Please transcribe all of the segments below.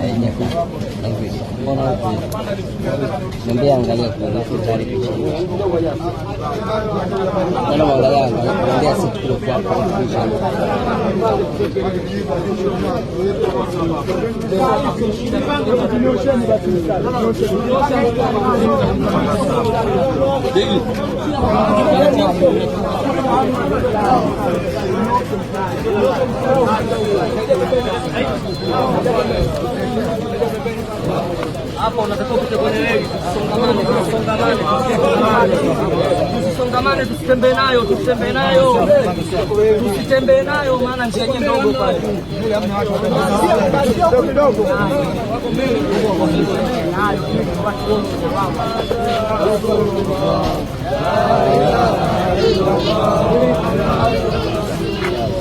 kayaknya aku language kono aku nembe Thank you. hapa unatakiwa kuja kwenye reli, tusisongamane, tusisongamane, tusisongamane, tusitembee nayo, tusitembee nayo, tusitembee nayo, maana njia yenyewe ndogo pale.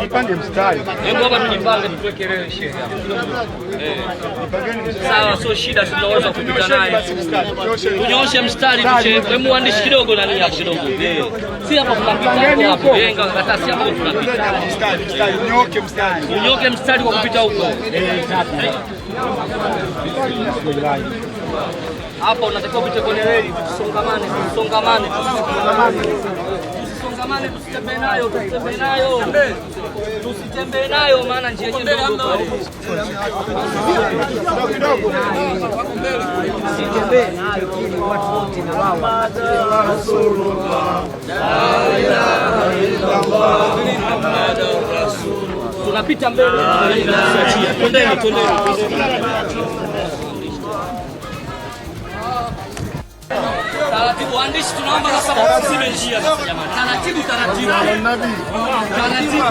Nipange mstari. Hebu hapa mjipange tutoe kelele shehe Eh. Sawa, sio shida tunaweza kupita naye. Tunyoshe mstari mche. Hebu andishi kidogo na ya kidogo. Eh. Si hapa kuna tunapita hapo. Yenga hata si hapo tunapita. Mstari, mstari. nyoke mstari. Nyoke mstari kwa kupita huko. Eh, safi. Hapo unatakiwa kupita kwenye reli, tusongamane, tusongamane, tusongamane. Tusitangamane, tusitembee nayo, tusitembee nayo, tusitembee nayo, maana njia yenyewe tunapita mbele, tusiachia, twendeni, Taratibu waandishi, tunaomba sasa msibe njia sasa taratibu taratibu, taratibu